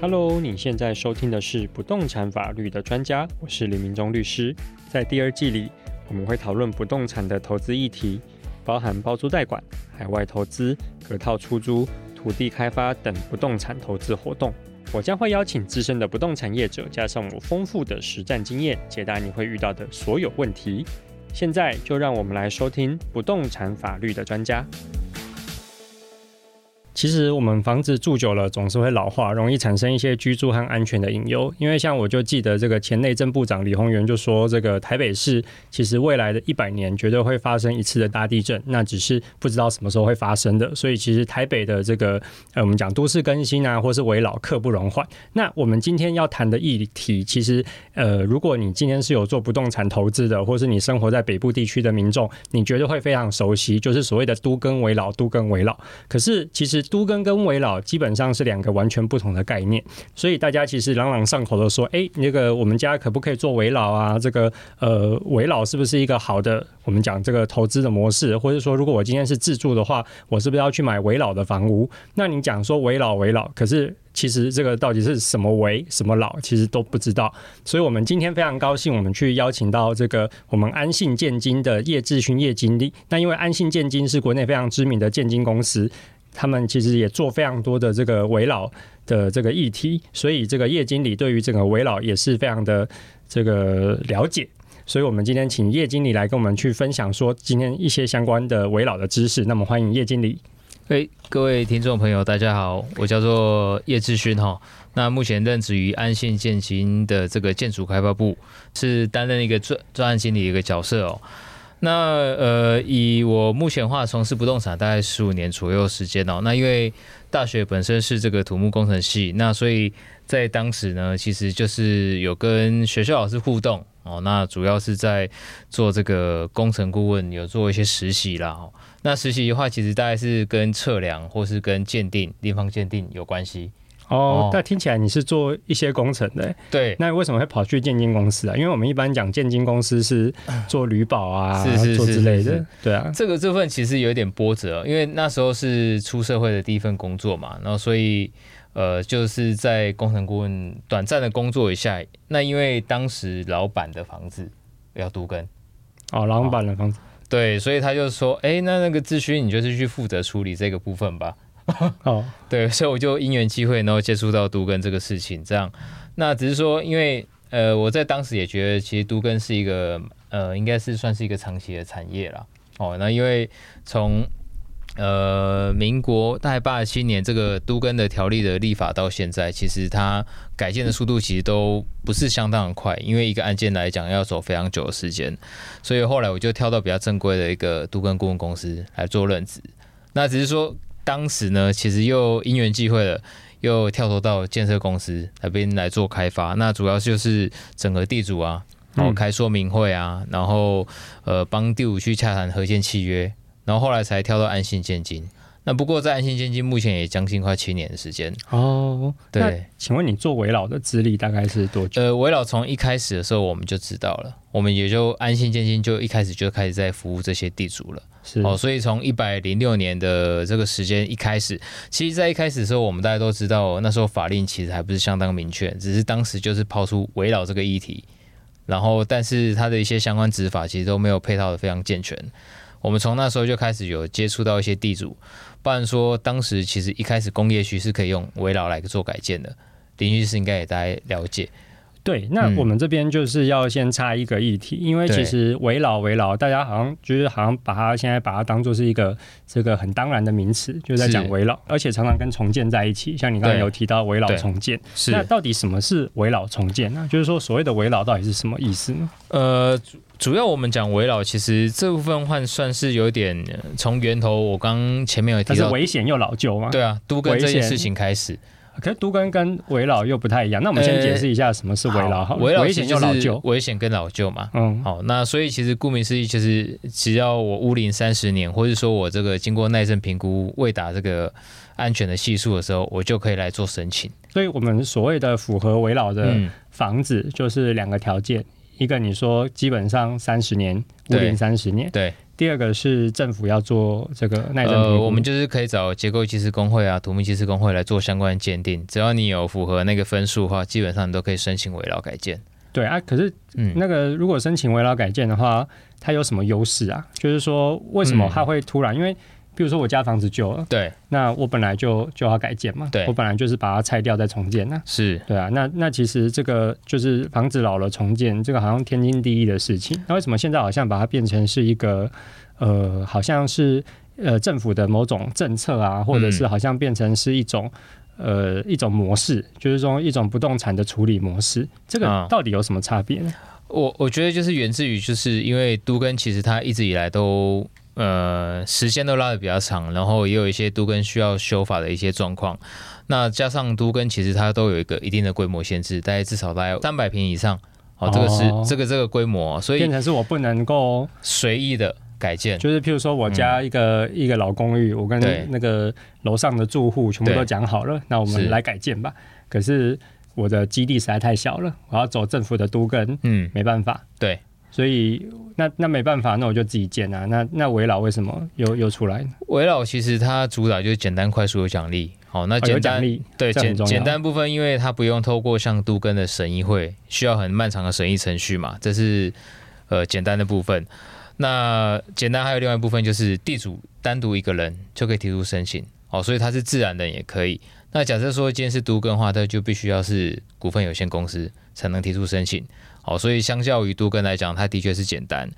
Hello，你現在收聽的是不動產法律的專家，我是林明忠律師。在第二季裡，我們會討論不動產的投資議題，包含包租代管、海外投資、隔套出租、土地開發等不動產投資活動。我將會邀請資深的不動產業者，加上我豐富的實戰經驗，解答你會遇到的所有問題。現在就讓我們來收聽不動產法律的專家。其實我們房子住久了，總是會老化，容易產生一些居住和安全的隱憂。因為像我就記得這個前內政部長李鴻源就說，這個台北市其實未來的一百年絕對會發生一次的大地震，那只是不知道什麼時候會發生的。所以其實台北的這個呃，我們講都市更新啊，或是危老刻不容緩。那我們今天要談的議題，其實呃，如果你今天是有做不動產投資的，或是你生活在北部地區的民眾，你絕對會非常熟悉，就是所謂的都更危老，都更危老。可是其實。都更跟跟危老基本上是兩個完全不同的概念，所以大家其實朗朗上口的說：“哎、欸，那個我們家可不可以做危老啊？這個呃，危老是不是一個好的我們講這個投資的模式？或者說，如果我今天是自住的話，我是不是要去買危老的房屋？”那你講說危老危老，可是其實這個到底是什麼危什麼老，其實都不知道。所以我們今天非常高興，我們去邀請到這個我們安信建經的葉智勳葉經理。那因為安信建經是國內非常知名的建經公司。他們其實也做非常多的這個危老的這個議題，所以這個葉經理對於這個危老也是非常的這個了解，所以我們今天請葉經理來跟我們去分享說今天一些相關的危老的知識。那麼歡迎葉經理。誒，各位聽眾朋友，大家好，我叫做葉智勳哈，那目前任職於安信建經的這個建築開發部，是擔任一個專專案經理一個角色哦。那呃，以我目前的話從事不動產大概十五年左右時間哦、喔。那因為大學本身是這個土木工程系，那所以在當時呢，其實就是有跟學校老師互動哦、喔。那主要是在做這個工程顧問，有做一些實習啦、喔。那實習的話，其實大概是跟測量或是跟鑑定、地方鑑定有關係。哦，那、哦、聽起來你是做一些工程的，對。那為什麼會跑去建經公司啊？因為我們一般講建經公司是做履保啊， 啊是是是是是做之類的是是是是。對啊，這個這份其實有一點波折，因為那時候是出社會的第一份工作嘛，然後所以呃，就是在工程顧問短暫的工作一下。那因為當時老闆的房子要都更，哦，老闆的房子、哦，對，所以他就說，哎、欸，那那個智勳你就是去負責處理這個部分吧。哦、 oh.，對，所以我就因緣際會，然後接觸到都更這個事情，這樣。那只是說，因為呃，我在當時也覺得，其實都更是一個呃，應該是算是一個長期的產業了。哦，那因為從呃民國大概八十七年這個都更的條例的立法到現在，其實它改建的速度其實都不是相當的快，因為一個案件來講要走非常久的時間。所以後來我就跳到比較正規的一個都更顧問公司來做任職。那只是說。當時呢，其實又因緣際會了，又跳槽到建設公司那邊來做開發。那主要就是整合地主啊，然後開說明會啊，嗯、然後呃幫地主去洽談合建契約，然後後來才跳到安信建經。不過，在安信建經目前也將近快七年的時間哦。對，請問你做危老的資歷大概是多久？呃，危老從一開始的時候我們就知道了，我們也就安信建經就一開始就開始在服務這些地主了。是哦，所以從一百零六年的這個時間一開始，其實在一開始的時候，我們大家都知道，那時候法令其實還不是相當明確，只是當時就是拋出危老這個議題，然後但是它的一些相關執法其實都沒有配套的非常健全。我們從那時候就開始有接觸到一些地主。不然說，當時其實一開始工業區是可以用危老來做改建的，林律師應該也大概了解。對，那我們這邊就是要先插一個議題，因為其實危老危老，大家好像就是好像把它現在把它當做是一個這個很當然的名詞，就在講危老，而且常常跟重建在一起。像你剛才有提到危老重建是，那到底什麼是危老重建呢？就是說，所謂的危老到底是什麼意思呢？呃。主要我們講危老，其實這部分換算是有點從、呃、源頭。我剛前面有提到，但是危險又老舊嗎？對啊，都更這件事情開始。可是都更跟危老又不太一樣。欸、那我們先解釋一下什麼是危老。好，危險又老舊，危險跟老舊嘛。嗯，好，那所以其實顧名思義，就是只要我屋齡三十年、嗯，或是說我這個經過耐震評估未達這個安全的係數的時候，我就可以來做申請。所以我們所謂的符合危老的房子，就是兩個條件。嗯一個你說基本上三十年，五年，三十年。對，第二個是政府要做這個耐震評估，呃、我們就是可以找結構技師工會啊、土木技師工會來做相關的鑑定，只要你有符合那個分數的話，基本上你都可以申請危老改建。對啊，可是那個如果申請危老改建的話，嗯、它有什麼優勢啊？就是說為什麼它會突然？嗯、因為比如說我家房子舊了，對，那我本來就就要改建嘛，對，我本來就是把它拆掉再重建呢、啊？是對啊，那那其實這個就是房子老了重建，這個好像天經地義的事情，那為什麼現在好像把它變成是一個呃，好像是呃政府的某種政策啊，或者是好像變成是一種、嗯、呃一種模式，就是說一種不動產的處理模式，這個到底有什麼差別呢、啊？我我覺得就是源自於就是因為都更其實他一直以來都。呃，時間都拉得比較長，然後也有一些都更需要修法的一些狀況。那加上都更，其實它都有一個一定的規模限制，大概至少在三百坪以上哦。哦，這個是、哦、這個這個規模、哦，所以變成是我不能夠隨意的改建。就是，譬如說我家一個、嗯、一個老公寓，我跟那個樓上的住戶全部都講好了，那我們來改建吧。可是我的基地實在太小了，我要走政府的都更，嗯，沒辦法，對。所以那那沒辦法，那我就自己建啊。那那危老為什麼又又出來？危老其實他主打就是簡單、快速有、有獎勵。好，那簡單、哦、對簡簡單部分，因為它不用透過像都更的審議會，需要很漫長的審議程序嘛。這是呃簡單的部分。那簡單還有另外一部分就是地主單獨一個人就可以提出申請。哦，所以他是自然的人也可以。那假設說今天是都更的話，他就必須要是股份有限公司才能提出申請。好，所以相較於都更來講，它的確是簡單。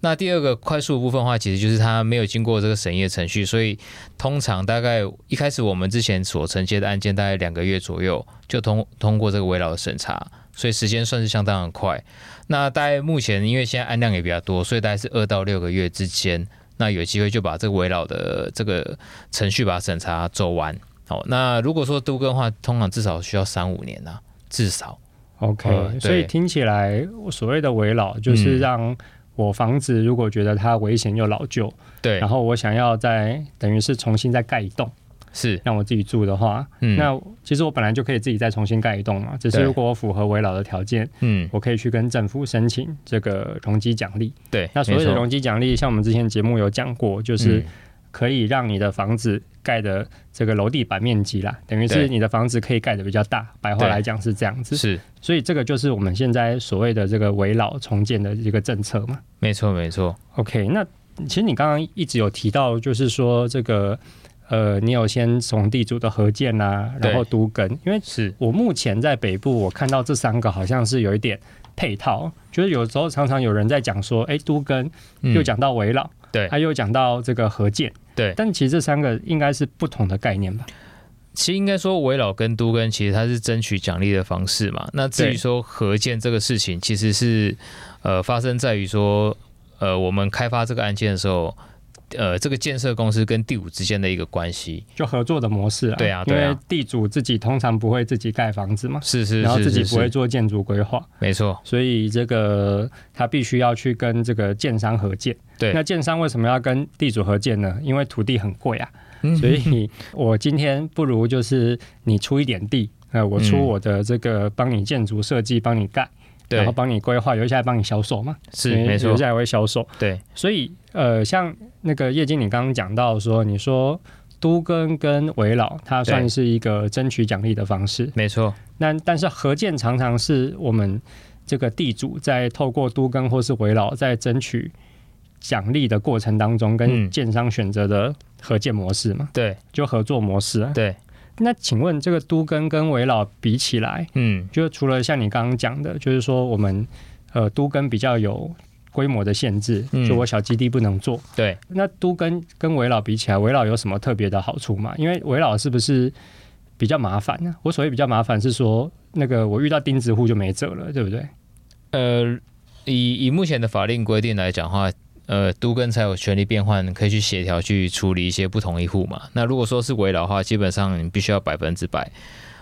那第二個快速部分的話，其實就是它沒有經過這個審議程序，所以通常大概一開始我們之前所承接的案件，大概兩個月左右就通通過這個危老的審查，所以時間算是相當的快。那大概目前因為現在案量也比較多，所以大概是二到六個月之間，那有機會就把這個危老的這個程序把審查走完。好，那如果說都更的話，通常至少需要三五年呢、啊，至少。OK，、oh, 所以聽起來我所謂的危老就是讓我房子如果覺得它危險又老舊，然後我想要再等於是重新再蓋一棟，是讓我自己住的話、嗯，那其實我本來就可以自己再重新蓋一棟嘛，只是如果我符合危老的條件，嗯，我可以去跟政府申請這個容積獎勵。對，那所謂的容積獎勵，像我們之前節目有講過，就是。可以讓你的房子蓋的這個樓地板面積啦，等於是你的房子可以蓋的比較大。白話來講是這樣子，是。所以這個就是我們現在所謂的這個危老重建的一個政策嘛。沒錯，沒錯。OK，那其實你剛剛一直有提到，就是說這個呃，你有先從地主的合建啊，然後都更，因為是我目前在北部，我看到這三個好像是有一點配套。就是有時候常常有人在講說，哎、欸，都更又講到危老、嗯，對，還、啊、又講到這個合建。對，但其實這三個應該是不同的概念吧？其實應該說，危老跟都更其實它是爭取獎勵的方式嘛。那至於說合建這個事情，其實是呃發生在於說呃我們開發這個案件的時候。呃，這個建設公司跟地主之間的一個關係，就合作的模式啊，對啊，啊，因為地主自己通常不會自己蓋房子嘛，是、是，是，然後自己不會做建築規劃，沒錯，所以這個他必須要去跟這個建商合建。對，那建商為什麼要跟地主合建呢？因為土地很貴啊，所以我今天不如就是你出一點地，呃，我出我的這個幫你建築設計，幫你蓋。然後幫你規劃，留下來幫你銷售嘛？是，沒錯，留下來會銷售。對，所以呃，像那個葉經理剛剛講到說，你說都更跟危老，它算是一個爭取獎勵的方式，沒錯。那但，但是合建常常是我們這個地主在透過都更或是危老在爭取獎勵的過程當中，跟建商選擇的合建模式嘛？對，就合作模式啊，對。那請問這個都更跟跟危老比起來，嗯，就除了像你剛剛講的，就是說我們呃都更比較有規模的限制，嗯，就我小基地不能做。對，那都更跟危老比起來，危老有什麼特別的好處嗎？因為危老是不是比較麻煩呢？我所謂比較麻煩是說，那個我遇到釘子戶就沒轍了，對不對？呃，以以目前的法令規定來講的話。呃，都更才有權利變換，可以去協調去處理一些不同意戶嘛。那如果說是危老的話，基本上你必須要百分之百。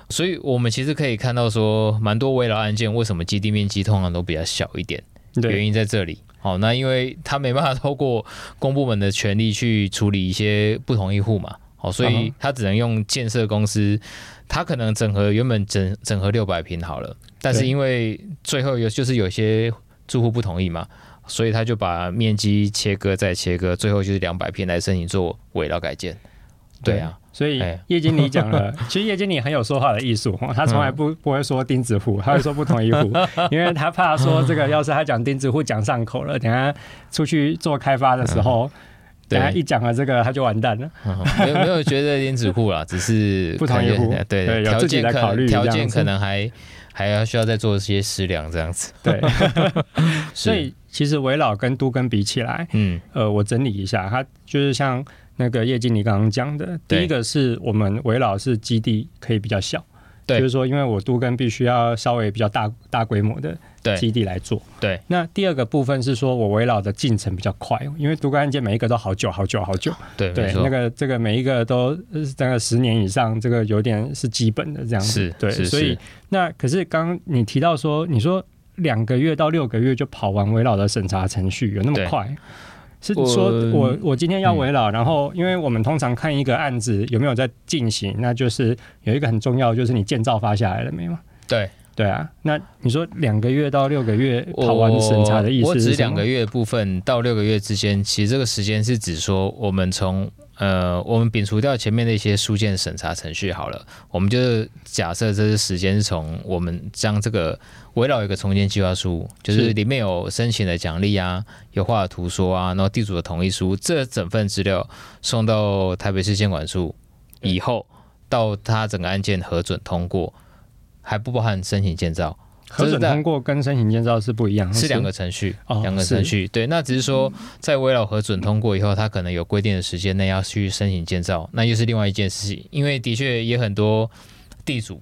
所以我們其實可以看到說，說蠻多危老案件，為什麼基地面積通常都比較小一點？對，原因在這裡。好、哦，那因為他沒辦法透過公部門的權力去處理一些不同意戶嘛。好、哦，所以他只能用建設公司、啊，他可能整合原本整整合六百坪好了，但是因為最後有就是有些住戶不同意嘛。所以他就把面積切割再切割，最後就是兩百片來申請做危老改建。對啊，對所以葉經理講了， 其實葉經理很有說話的藝術，他從來不 不會說釘子戶，他會說不同意戶， 因為他怕說這個，要是他講釘子戶講上口了， 等下出去做開發的時候，對等一下一講了這個他就完蛋了。 沒有沒有覺得釘子戶啦，只是不同意戶，對對，對，對，有自己在考慮這樣子。還要需要再做一些食糧這樣子對，對 所以其實危老跟都更比起來，嗯，呃，我整理一下，他就是像那個葉經理剛剛講的，第一個是我們危老是基地可以比較小。就是說，因為我都更必須要稍微比較大大規模的基地來做對。對，那第二個部分是說我危老的進程比較快，因為都更案件每一個都好久好久好久。對，對那個這個每一個都大概、那個、十年以上，這個有點是基本的這樣子。對是是，所以那可是剛剛你提到說，你說兩個月到六個月就跑完危老的審查程序，有那麼快？是說我，我我今天要危老，嗯，然後因為我們通常看一個案子，有沒有在進行，那就是有一個很重要，就是你建造發下來了沒有？對對啊，那你說兩個月到六個月，跑完審查的意思，我是我只兩個月的部分到六個月之間，其實這個時間是指說我們從。呃，我們摒除掉前面的一些書件審查程序好了，我們就假設這是時間是從我們將這個危老一個重建計劃書，就是裡面有申請的獎勵啊，有畫的圖說啊，然後地主的同意書，這整份資料送到台北市建管處以後，到他整個案件核准通過，還不包含申請建造。核准通過跟申請建造是不一樣，是兩個程序，兩、哦、個程序。對，那只是說在危老核准通過以後，他可能有規定的時間內要去申請建造，那又是另外一件事情。因為的確也很多地主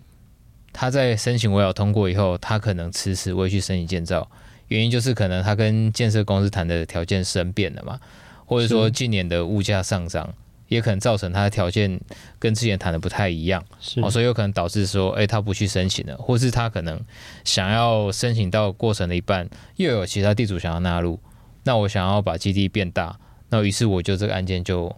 他在申請危老通過以後，他可能遲遲未去申請建造，原因就是可能他跟建設公司談的條件生變了嘛，或者說近年的物價上漲。也可能造成他的條件跟之前談的不太一樣，是，所以有可能導致說，哎、欸，他不去申請了，或是他可能想要申請到過程的一半，又有其他地主想要納入，那我想要把基地變大，那於是我就這個案件就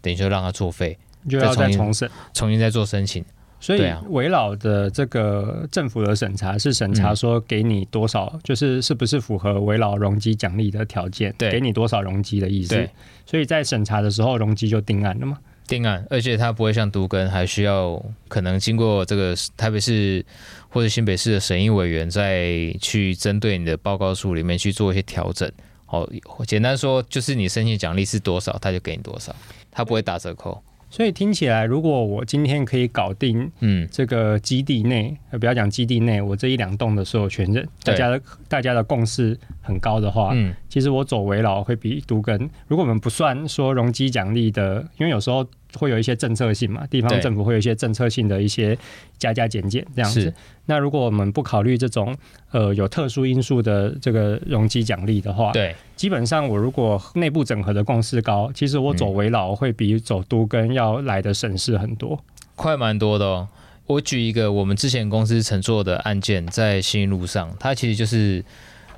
等於說讓他作廢，就要再重，再重新重新再做申請。所以危老的這個政府的審查是審查說給你多少，就是是不是符合危老容積獎勵的條件，對，給你多少容積的意思。所以在審查的時候，容積就定案了嗎？定案，而且它不會像都更還需要可能經過這個台北市或者新北市的審議委員再去針對你的報告書裡面去做一些調整。哦，簡單說就是你申請獎勵是多少，他就給你多少，他不會打折扣。所以聽起來，如果我今天可以搞定，嗯，這個基地內呃，嗯、不要講基地內，我這一兩棟的所有權人，大家的大家的共識很高的話，嗯，其實我走危老會比都更。如果我們不算說容積獎勵的，因為有時候。會有一些政策性嘛，地方政府會有一些政策性的一些加加減減這樣子。那如果我們不考慮這種呃有特殊因素的這個容積獎勵的話，對，基本上我如果內部整合的共識高，其實我走危老、嗯、會比走都更要來的省事很多，快蠻多的哦。我舉一個我們之前公司承做的案件，在新一路上，它其實就是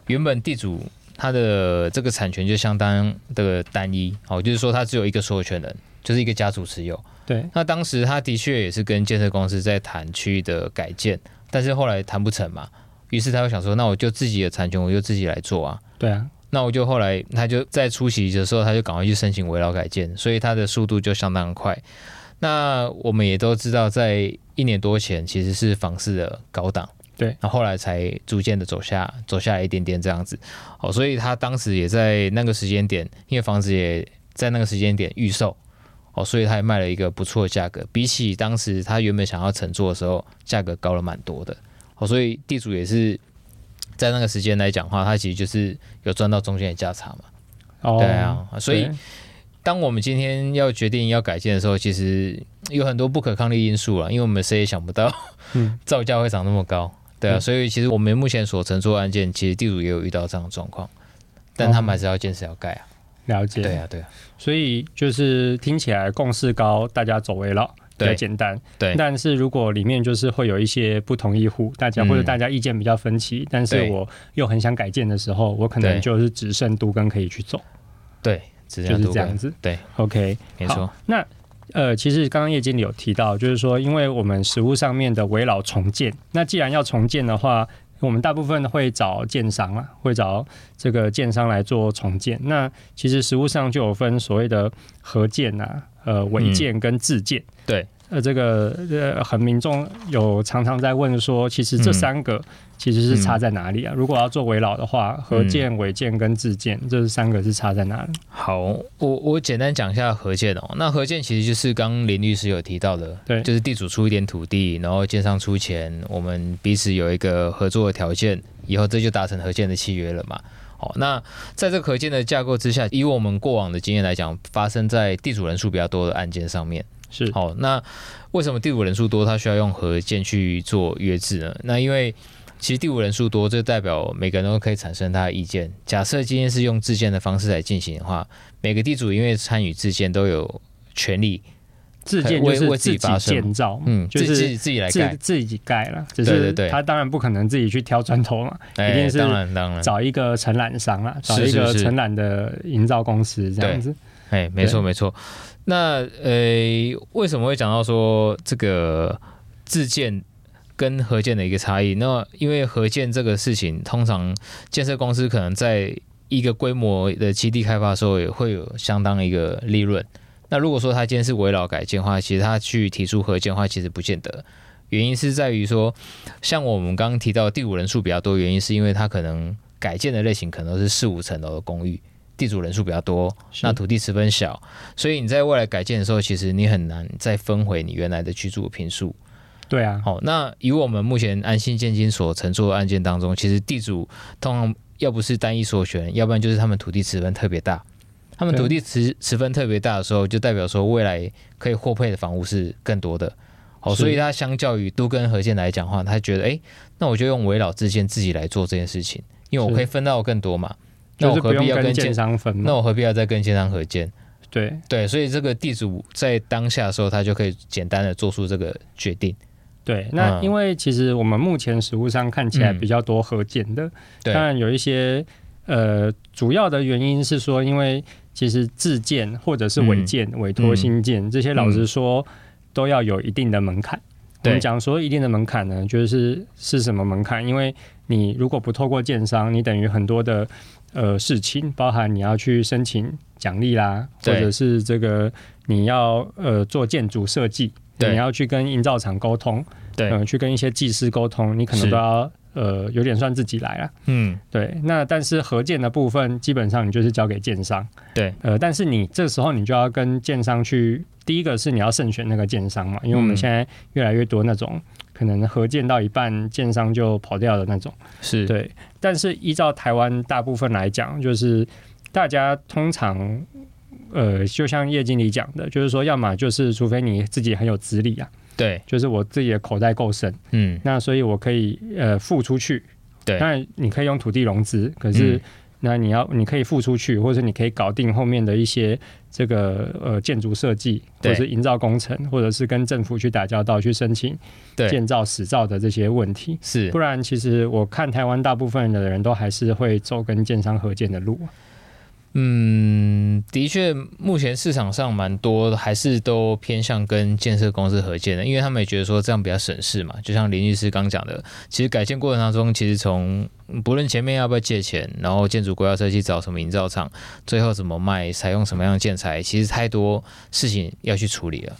原本地主他的這個產權就相當的單一，好，哦，就是說它只有一個所有權人。就是一個家族持有，對。那當時他的確也是跟建設公司在談區域的改建，但是後來談不成嘛，於是他又想說，那我就自己的產權，我就自己來做啊。對啊。那我就後來，他就在出席的時候，他就趕快去申請危老改建，所以他的速度就相當快。那我們也都知道，在一年多前其實是房市的高檔，對。那後來才逐漸的走下，走下來一點點這樣子。哦，所以他當時也在那個時間點，因為房子也在那個時間點預售。哦，所以他也賣了一個不錯的價格，比起當時他原本想要承作的時候，價格高了蠻多的。哦，所以地主也是在那個時間來講的話，他其實就是有賺到中間的價差嘛。哦，對啊，所以當我們今天要決定要改建的時候，其實有很多不可抗力因素了，因為我們誰也想不到、嗯、造價會漲那麼高，對啊、嗯。所以其實我們目前所承作的案件，其實地主也有遇到這樣的狀況，但他們還是要堅持要蓋啊、哦。了解，對啊，對啊。所以就是聽起來共識高，大家走危老比較簡單對。對，但是如果裡面就是會有一些不同意戶，大家、嗯、或者大家意見比較分歧，但是我又很想改建的時候，我可能就是只剩都更可以去走。對，就是這樣子。對,對，OK，沒錯。那呃，其實剛剛葉經理有提到，就是說，因為我們實務上面的危老重建，那既然要重建的話。我們大部分會找建商啊，會找這個建商來做重建。那其實實務上就有分所謂的合建啊，呃，違建跟自建、嗯。對。呃、這個，這個呃，很民眾有常常在問說，其實這三個其實是差在哪裡啊？嗯、如果要做危老的話，嗯、合建、委建跟自建，這三個是差在哪裡？好，我我簡單講一下合建哦。那合建其實就是剛林律師有提到的，對，就是地主出一點土地，然後建商出錢，我們彼此有一個合作的條件，以後這就達成合建的契約了嘛。哦，那在這個合建的架構之下，以我們過往的經驗來講，發生在地主人數比較多的案件上面。是，好。那為什麼第五人數多，他需要用合建去做約制呢？那因為其實第五人數多，這代表每個人都可以產生他的意見。假設今天是用自建的方式來進行的話，每個地主因為參與自建都有權利，自建就是為，為自，己自己建造，嗯，就是自己自己，自己來蓋，自己蓋了。只是他當然不可能自己去挑磚頭嘛，對對對，一定是、欸、當然當然找一個承攬商啊，找一個承攬的營造公司這樣子。哎、欸，沒錯沒錯。那呃、欸，為什麼會講到說這個自建跟合建的一個差異？那因為合建這個事情，通常建設公司可能在一個規模的基地開發的時候，也會有相當一個利潤。那如果說它今天是危老改建的話，其實它去提出合建的話，其實不見得。原因是在於說，像我們剛剛提到第五人數比較多，原因是因為它可能改建的類型可能都是四五層樓的公寓。地主人數比較多，那土地持分小，所以你在未來改建的時候，其實你很難再分回你原來的居住坪數。對啊，好，那以我們目前安信建經所承作的案件當中，其實地主通常要不是單一所選，要不然就是他們土地持分特別大。他們土地持分特別大的時候，就代表說未來可以獲配的房屋是更多的。好，所以他相較於都更合建來講的話，他覺得哎、欸，那我就用危老自建自己來做這件事情，因為我可以分到更多嘛。就是何必要跟建商分？那我何必要再跟建商合建？對對，所以這個地主在當下的時候，他就可以簡單的做出這個決定。對，那因為其實我們目前實務上看起來比較多合建的，當、嗯、然有一些呃，主要的原因是說，因為其實自建或者是委建、嗯、委托新建、嗯、這些，老實說都要有一定的門檻、嗯。我們講說一定的門檻呢，就是是什麼門檻？因為你如果不透過建商，你等於很多的。呃，事情包含你要去申請獎勵啦，或者是這個你要呃做建築設計，你要去跟營造廠溝通，對、呃，去跟一些技師溝通，你可能都要呃有點算自己來了，嗯，對。那但是合建的部分基本上你就是交給建商，對，呃，但是你這時候你就要跟建商去，第一個是你要慎選那個建商嘛，因為我們現在越來越多那種。嗯可能合建到一半，建商就跑掉的那種，是對。但是依照台灣大部分來講，就是大家通常，呃，就像葉經理講的，就是說，要麼就是除非你自己很有資力啊，對，就是我自己的口袋夠深，嗯，那所以我可以呃付出去，對，那你可以用土地融資，可是，嗯那你要，你可以付出去，或者你可以搞定後面的一些這個呃建築設計，或者是營造工程，或者是跟政府去打交道去申請建照、使照的這些問題。是，不然其實我看台灣大部分的人都還是會走跟建商合建的路。嗯，的確，目前市場上蠻多還是都偏向跟建設公司合建的，因為他們也覺得說這樣比較省事嘛。就像林律師剛講的，其實改建過程當中，其實從不論前面要不要借錢，然後建築規劃設計，找什麼營造廠，最後怎麼賣，採用什麼樣的建材，其實太多事情要去處理了。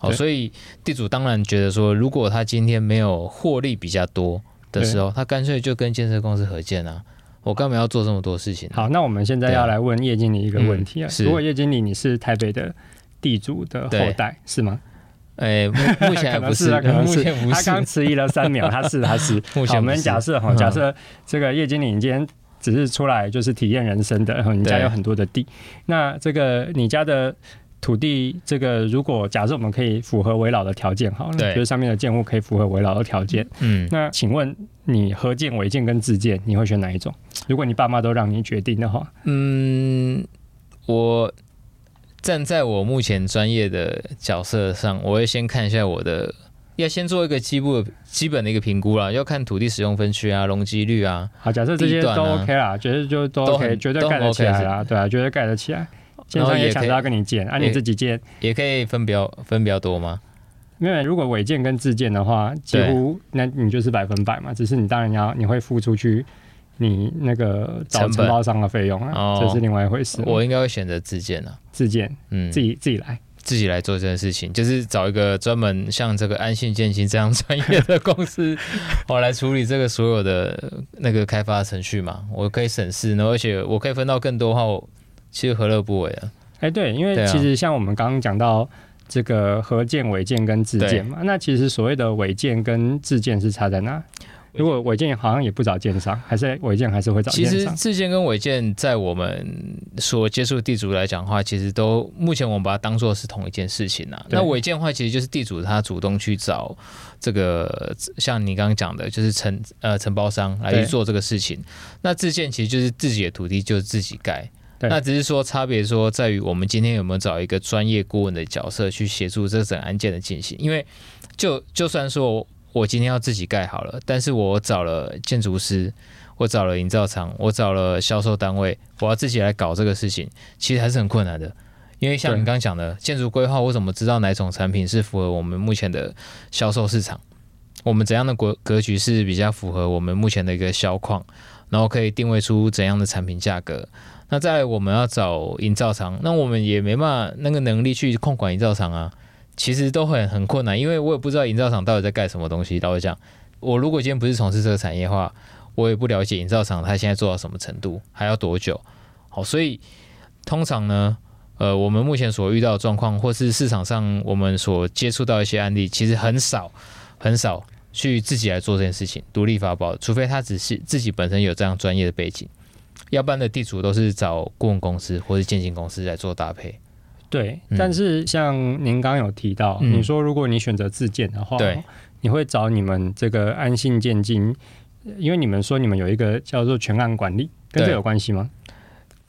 好，哦，所以地主當然覺得說，如果他今天沒有獲利比較多的時候，他乾脆就跟建設公司合建啊。我幹嘛要做這麼多事情？好，那我們現在要來問葉經理一個問題啊、嗯。如果葉經理你是台北的地主的後代是嗎？誒、欸 啊啊啊，目前不是，可能目前他剛遲疑了三秒，他是他、啊、是，啊是啊 目前。我們假設哈、嗯，假設這個葉經理今天只是出來就是體驗人生的，然、嗯、後你家有很多的地，那這個你家的土地，這個如果假設我們可以符合危老的條件好了，好，就是上面的建物可以符合危老的條件，嗯，那請問你合建、委建跟自建，你會選哪一種？如果你爸媽都讓你決定的話，嗯，我站在我目前專業的角色上，我會先看一下我的，要先做一個初步的基本的一個評估啦，要看土地使用分區啊、容積率啊。好，假設這些都 OK 啦，啊、絕對就都可、OK, 以，絕對蓋得起來啊、OK、對啊，絕對蓋得起來。先生也想到要跟你建，按、啊、你自己建也可以分比較分比較多嗎？因為如果委建跟自建的話，幾乎那你就是百分百嘛，只是你當然要你會付出去。你那個找承包商的費用啊、哦，這是另外一回事。我應該會選擇自建啊，自建，嗯，自己自己來，自己來做這件事情，就是找一個專門像這個安信建經這樣專業的公司，我 來處理這個所有的那個開發程序嘛，我可以省事，然後而且我可以分到更多後其實何樂不為啊？哎、欸，對，因為其實像我們剛剛講到這個合建、委建跟自建嘛，那其實所謂的委建跟自建是差在哪？如果委建好像也不找建商？還是委建還是會找建商。其實自建跟委建，在我們所接觸地主來講的話，其實都目前我們把它當做是同一件事情吶。那委建的話，其實就是地主他主動去找這個，像你剛剛講的，就是承呃承包商來去做這個事情。那自建其實就是自己的土地，就是自己蓋。那只是說差別說在於，我們今天有沒有找一個專業顧問的角色去協助這整案件的進行。因為就就算說。我今天要自己蓋好了，但是我找了建築師，我找了營造廠，我找了銷售單位，我要自己來搞這個事情，其實還是很困難的。因為像你剛剛講的，建築規劃，我怎麼知道哪種產品是符合我們目前的銷售市場？我們怎樣的格格局是比較符合我們目前的一個銷況？然後可以定位出怎樣的產品價格？那在我們要找營造廠，那我們也沒辦法那個能力去控管營造廠啊。其實都很很困難，因為我也不知道營造廠到底在幹什麼東西。老實講，我如果今天不是從事這個產業的話，我也不了解營造廠它現在做到什麼程度，還要多久。好，所以通常呢，呃，我們目前所遇到的狀況，或是市場上我們所接觸到一些案例，其實很少很少去自己來做這件事情，獨立發包，除非他只是自己本身有這樣專業的背景，要不然的地主都是找顧問公司或是建經公司來做搭配。對，但是像您剛,剛有提到、嗯，你說如果你選擇自建的話，嗯、你會找你們這個安信建經，因為你們說你們有一個叫做全案管理，跟這有關係嗎？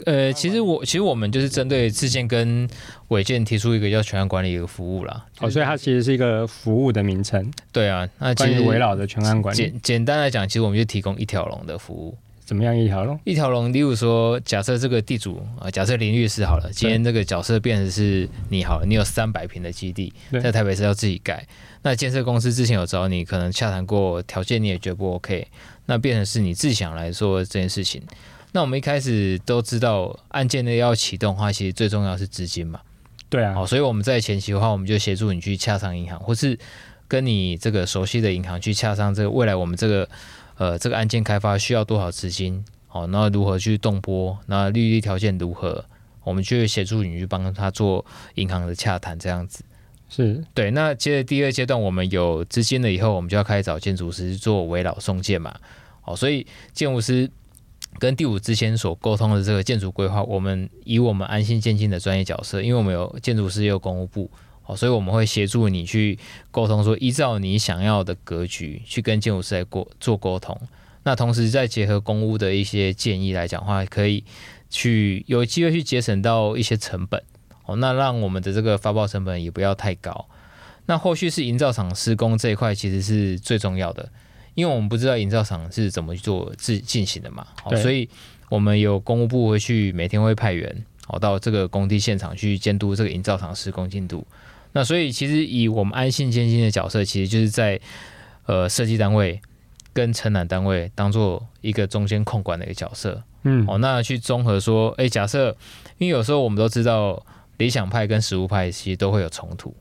呃，其實我其實我們就是針對自建跟委建提出一個叫全案管理一個服務啦。哦，所以它其實是一個服務的名稱。對啊，那其實圍繞着全案管理，簡簡單來講，其實我們就提供一條龍的服務。怎麼樣一條龍？一條龍，例如說，假設這個地主啊，假設林律師好了，今天這個角色變成是你好了，你有三百坪的基地在台北市要自己蓋。那建設公司之前有找你，可能洽談過條件，你也覺得不 OK。那變成是你自想來做這件事情。那我們一開始都知道，案件的要啟動的話，其實最重要是資金嘛。對啊好。所以我們在前期的話，我們就協助你去洽商銀行，或是跟你這個熟悉的銀行去洽商這個未來我們這個。呃，這個案件開發需要多少資金？好、哦，那如何去動撥？那利率條件如何？我們去協助你去幫他做銀行的洽談，這樣子是對。那接着第二階段，我們有資金了以後，我們就要開始找建築師做危老送件嘛。好、哦，所以建築師跟第五之前所溝通的這個建築規劃，我們以我們安信建經的專業角色，因為我們有建築師，也有工務部。哦，所以我們會協助你去溝通，說依照你想要的格局去跟建築師來溝做溝通。那同時再結合工務的一些建議來講的話，可以去有機會去節省到一些成本。哦，那讓我們的這個發包成本也不要太高。那後續是營造廠施工這一塊其實是最重要的，因為我們不知道營造廠是怎麼去做進進行的嘛。哦，所以我們有工務部會去每天會派員，哦，到這個工地現場去監督這個營造廠施工進度。那所以其實以我們安信建經的角色，其實就是在，呃設計單位跟承攬單位當做一個中間控管的一個角色，嗯哦、喔，那去綜合說，哎、欸，假設，因為有時候我們都知道理想派跟實務派其實都會有衝突，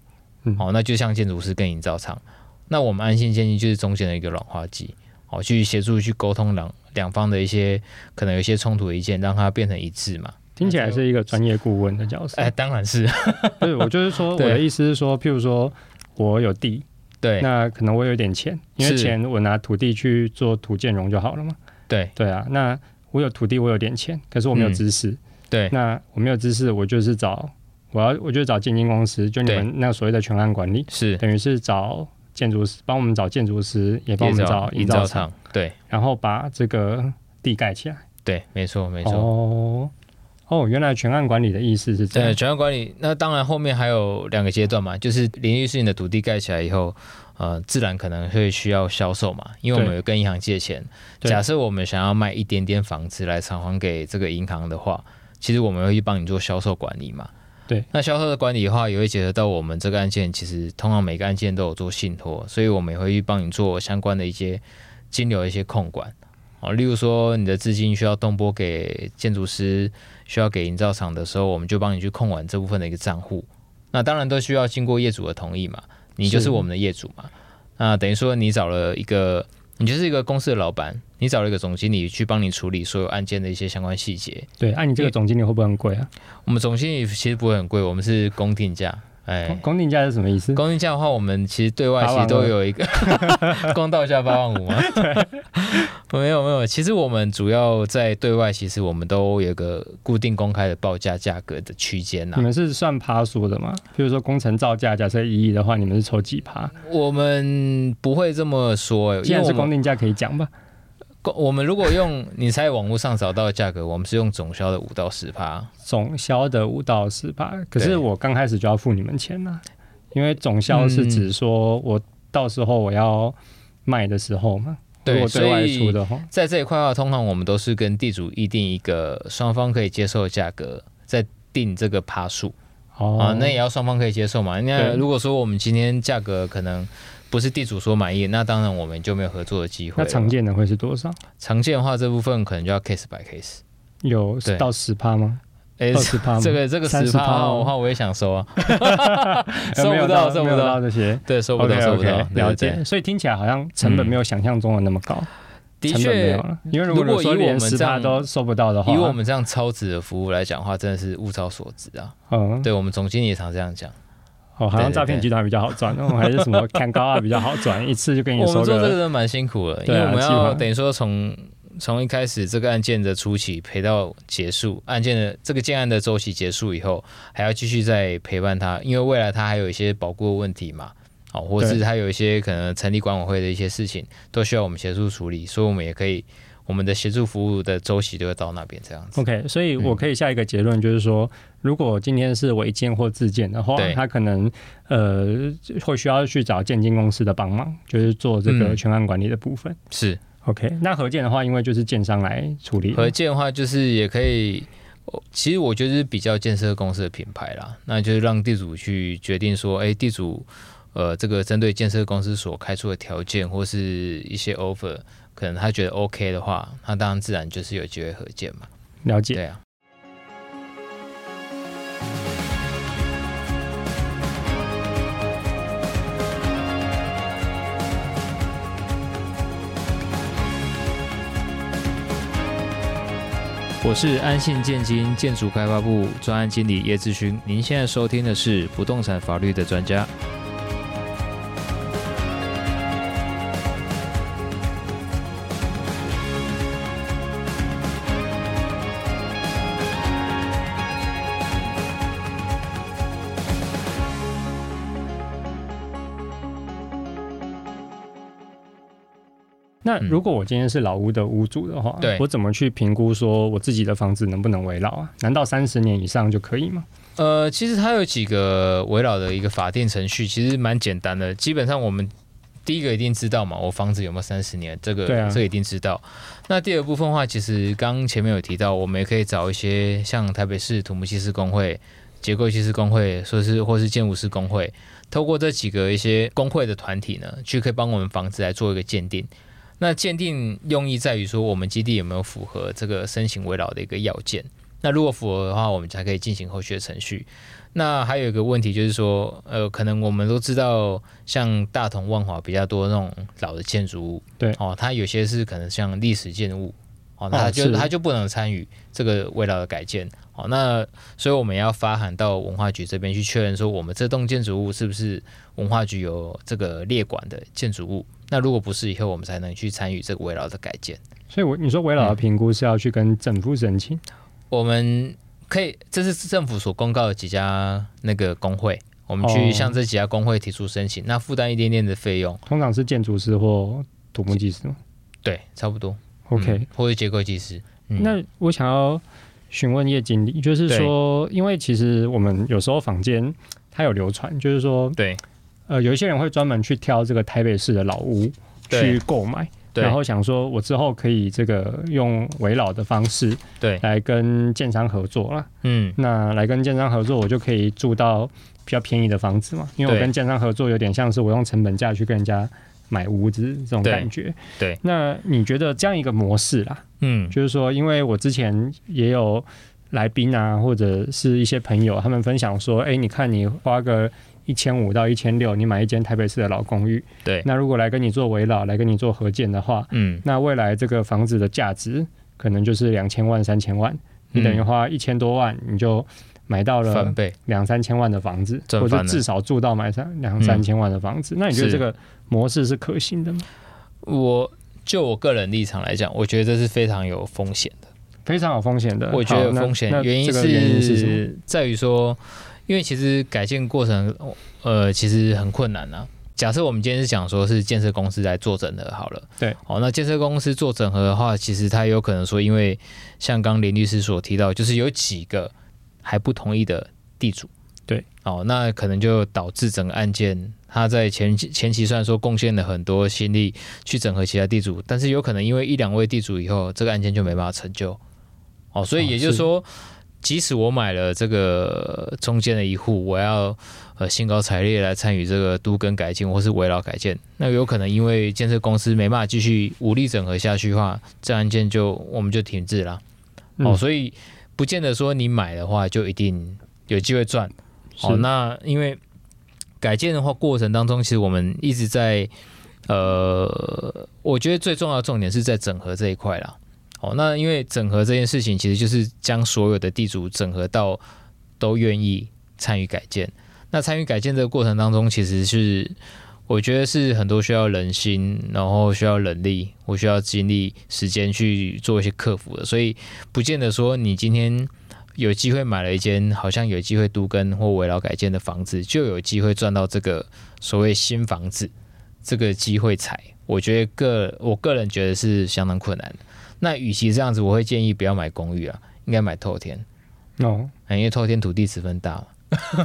嗯哦、喔，那就像建築師跟營造廠，那我們安信建經就是中間的一個軟化劑，哦、喔，去協助去溝通兩兩方的一些可能有一些衝突的意見，讓它變成一致嘛。聽起來是一個專業顧問的角色。哎、欸，當然是。 對，我就是說，我的意思是說，譬如說，我有地，對，那可能我有點錢，因為錢我拿土地去做土建融就好了嘛。對對啊，那我有土地，我有點錢，可是我沒有知識、嗯。對，那我沒有知識，我就是找我要，我就是找建經公司，就你們那所謂的全案管理，是等於是找建築師幫我們找建築師，也幫我們找營造廠，對，然後把這個地蓋起來。對，沒錯，沒錯。哦、oh。哦，原來全案管理的意思是這樣，對。全案管理，那當然後面還有兩個階段嘛，就是林律師您的土地蓋起來以後，呃，自然可能會需要銷售嘛，因為我們有跟銀行借錢。對對。假設我們想要賣一點點房子來償還給這個銀行的話，其實我們會去幫你做銷售管理嘛。對，那銷售的管理的話，也會結合到我們這個案件。其實通常每個案件都有做信托，所以我們也會去幫你做相關的一些金流的一些控管。例如說你的資金需要動撥給建築師，需要給營造廠的時候，我們就幫你去控管這部分的一個賬戶。那當然都需要經過業主的同意嘛，你就是我們的業主嘛。那等於說你找了一個，你就是一個公司的老闆，你找了一個總經理去幫你處理所有案件的一些相關細節。對，那啊你這個總經理會不會很貴啊？我們總經理其實不會很貴，我們是公定價。哎，公定價是什麼意思？公，公定價的話，我們其實對外其實都有一個公道價八萬五嗎？ 嗎 對 沒有沒有，其實我們主要在對外，其實我們都有個固定公開的報價價格的區間吶。你們是算趴數的嗎？比如說工程造價假設一億的話，你們是抽幾趴？我們不會這麼說、欸，現在是公定價可以講吧。我們如果用你在網絡上找到的價格， 我們是用總銷的五到十趴，總銷的五到十趴。可是我剛開始就要付你們錢呢、啊，因為總銷是指說我到時候我要賣的時候嘛。嗯、對，外出的話，在這一塊的話，通常我們都是跟地主議定一個雙方可以接受的價格，再定這個趴數。哦、啊，那也要雙方可以接受嘛。因為如果說我們今天價格可能，不是地主說滿意，那當然我們就沒有合作的機會。那常見的會是多少？常見的話，這部分可能就要 case by case 有10。有到十趴嗎？哎，十趴？這個這個十趴的話，我也想收啊， 收不到，到收不到，到這些，對，收不到，okay, okay. 收不到對對對，了解。所以聽起來好像成本沒有想象中的那麼高，嗯、的確成本沒有。因為如果說以我們十趴都收不到的話，以我們這樣超值的服務來講的話，嗯、真的是物超所值啊！嗯，對我們總經理也常這樣講。哦，好像詐騙集團比較好賺，那我們還是什麼看高啊，比較好賺， 一次就跟你說。我覺得這個蠻辛苦的、啊。因為我們要等於說從從一開始這個案件的初期陪到結束，案件的這個建案的周期結束以後，還要繼續再陪伴他，因為未來他還有一些保固問題嘛，哦，或是他有一些可能成立管委會的一些事情，都需要我們協助處理，所以我們也可以。我們的協助服務的周期就會到那邊這樣子。OK，所以我可以下一個結論就是說、嗯，如果今天是委建或自建的話，他可能呃會需要去找建經公司的幫忙，就是做這個全案管理的部分。嗯、是 OK，那合建的話，因為就是建商來處理。合建的話，就是也可以，其實我覺得是比較建設公司的品牌啦，那就是讓地主去決定說，哎、欸，地主呃這個針對建設公司所開出的條件或是一些 offer。可能他覺得 OK 的話，那當然自然就是有機會合建嘛。了解。對啊。我是安信建經建築開發部專案經理葉智勳，您現在收聽的是不動產法律的專家。那如果我今天是老屋的屋主的話、嗯對，我怎麼去評估說我自己的房子能不能危老啊？難道三十年以上就可以嗎？呃，其實它有幾個危老的一個法定程序，其實蠻簡單的。基本上我們第一個一定知道嘛，我房子有沒有三十年？這個、啊、這個、一定知道。那第二部分的話，其實剛前面有提到，我們也可以找一些像台北市土木技師公會、結構技師公會，或是或是建築師公會，透過這幾個一些公會的團體呢，去可以幫我們房子來做一個鑑定。那鑑定用意在於說，我們基地有沒有符合這個申請危老的一個要件？那如果符合的話，我們才可以進行後續的程序。那還有一個問題就是說，呃，可能我們都知道，像大同萬華比較多那種老的建築物，對哦，它有些是可能像歷史建築物。哦，那他就、哦、是他就不能參與這個危老的改建。哦，那所以我們也要發函到文化局這邊去確認，說我們這棟建築物是不是文化局有這個列管的建築物？那如果不是，以後我們才能去參與這個危老的改建。所以我，我你說危老的評估是要去跟政府申請？嗯，我們可以，這是政府所公告的幾家那個工會，我們去向這幾家工會提出申請，哦、那負擔一點點的費用，通常是建築師或土木技師嗎？對，差不多。OK，房屋結構技師。那我想要詢問葉經理，就是說，因為其實我們有時候房間它有流傳，就是說，對，呃，有一些人會專門去挑這個台北市的老屋去購買，然後想說，我之後可以這個用危老的方式，對，來跟建商合作啦。嗯，那來跟建商合作，我就可以住到比較便宜的房子嘛，因為我跟建商合作有點像是我用成本價去跟人家。買屋子這種感覺對，對。那你覺得這樣一個模式啦，嗯，就是說，因為我之前也有來賓啊，或者是一些朋友，他們分享說，哎、欸，你看你花個一千五到一千六，你買一間台北市的老公寓，對。那如果來跟你做危老，來跟你做合建的話，嗯，那未來這個房子的價值可能就是兩千萬、三千萬、嗯，你等於花一千多萬，你就。買到了兩三千萬的房子，或者至少住到買上兩三千萬的房子，那你覺得這個模式是可行的嗎？我就我個人立場來講，我覺得這是非常有風險的，非常有風險的。我覺得風險原因是，原因是在於說，因為其實改建過程，呃，其實很困難吶、啊。假設我們今天是講說是建設公司來做整合好了，對，哦，那建設公司做整合的話，其實它有可能說，因為像剛林律師所提到，就是有幾個。還不同意的地主，對，哦，那可能就導致整個案件，他在前前期雖然說貢獻了很多心力去整合其他地主，但是有可能因為一兩位地主以後這個案件就沒辦法成就，哦，所以也就是說，哦、是即使我買了這個中間的一戶，我要呃興高采烈來參與這個都更改進或是危老改建，那有可能因為建設公司沒辦法繼續無力整合下去的話，這案件就我們就停滯了、嗯，哦，所以。不見得說你買的話就一定有機會賺，哦。那因為改建的話過程當中，其實我們一直在，呃，我覺得最重要的重點是在整合這一塊啦。哦，那因為整合這件事情，其實就是將所有的地主整合到都願意參與改建。那參與改建這個過程當中，其實，就是。我覺得是很多需要人心，然後需要人力，我需要精力、時間去做一些克服的，所以不見得說你今天有機會買了一間好像有機會都更或危老改建的房子，就有機會賺到這個所謂新房子這個機會財。我覺得個我個人覺得是相當困難。那與其這樣子，我會建議不要買公寓啊，應該買透天哦、no. 嗯，因為透天土地十分大。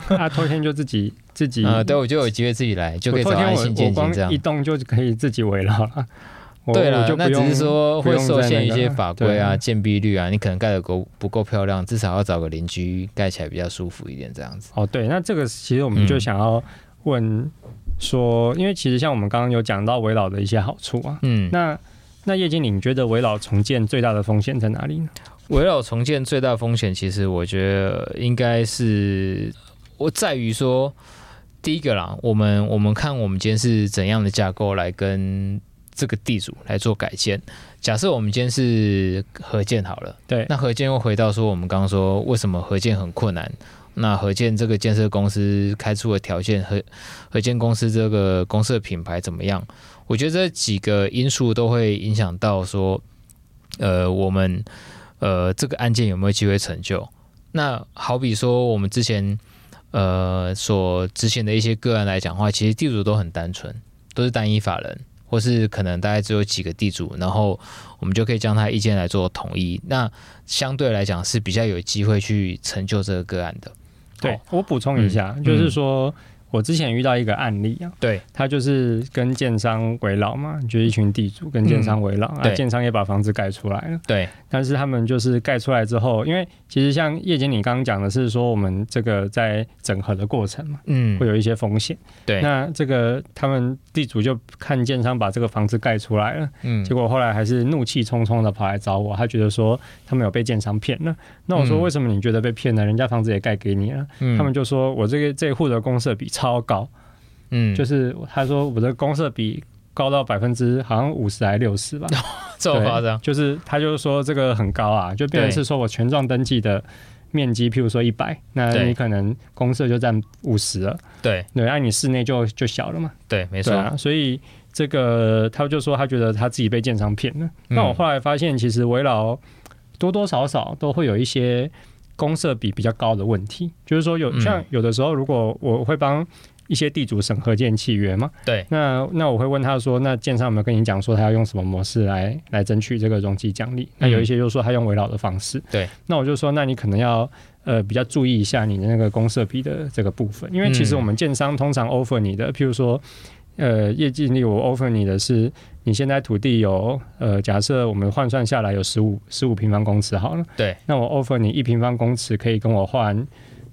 啊，拖欠就自己自己啊、呃，對，我就有機會自己來，就可以找安信建經這樣，一動就可以自己危老了。對了，那只是說會受限一些法規啊、那個、建蔽率啊，你可能蓋得夠不夠漂亮，至少要找個鄰居蓋起來比較舒服一點，這樣子。哦，對，那這個其實我們就想要問說，嗯、因為其實像我們剛剛有講到危老的一些好處啊，嗯，那那葉經理你覺得危老重建最大的風險在哪裡呢？危老重建最大風險，其實我覺得應該是我在於說，第一個啦，我們我們看我們今天是怎樣的架構來跟這個地主來做改建。假設我們今天是合建好了，對，那合建又回到說我們剛剛說為什麼合建很困難。那合建這個建設公司開出的條件，合合建公司這個公司的品牌怎麼樣？我覺得這幾個因素都會影響到說，呃，我們。呃，這個案件有沒有機會成就？那好比說，我們之前呃所執行的一些個案來講的話，其實地主都很單純，都是單一法人，或是可能大概只有幾個地主，然後我們就可以將他意見來做統一。那相對來講是比較有機會去成就這個個案的。哦，對，我補充一下，嗯，就是說。嗯我之前遇到一個案例啊，對，他就是跟建商危老嘛，就是、一群地主跟建商危老、嗯啊，建商也把房子蓋出來了，對。但是他們就是蓋出來之後，因為其實像葉經理剛剛講的是說，我們這個在整合的過程嘛，嗯，會有一些風險，對。那這個他們地主就看建商把這個房子蓋出來了，嗯，結果後來還是怒氣沖沖的跑來找我，他覺得說他們有被建商騙了。那我說，為什麼你覺得被騙呢？嗯？人家房子也蓋給你了，嗯，他們就說，我這個這戶、個、的公設比超高，嗯，就是他說我的公設比高到百分之，好像五十還六十吧， 這麼誇張？就是他就是說這個很高啊，就變成是說我權狀登記的面積，譬如說一百，那你可能公設就占五十了，對，對，那、啊、你室內就就小了嘛，對，沒錯、啊。所以這個他就說他覺得他自己被建商騙了。那、嗯、我後來發現，其實危老。多多少少都會有一些公設比比較高的問題，就是說有像有的時候，如果我會幫一些地主審核建契約嘛，對、嗯，那那我會問他說，那建商有沒有跟你講說他要用什麼模式來來爭取這個容積獎勵？那有一些就是說他用危老的方式，對、嗯，那我就說那你可能要呃比較注意一下你的那個公設比的這個部分，因為其實我們建商通常 offer 你的，譬如說。呃，業績理，我 offer 你的是，你現在土地有，呃，假設我們換算下來有十五十五平方公尺好了。對。那我 offer 你一平方公尺可以跟我換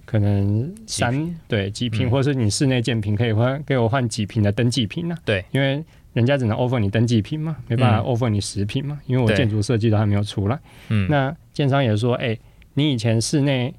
可能三對幾坪，嗯，或是你室內建坪可以換給我換幾坪的登記坪呢？啊，對，因為人家只能 offer 你登記坪嘛，沒辦法 offer 你十坪嘛，嗯，因為我建築設計都還沒有出來。嗯。那建商也說，誒、哎，你以前室內，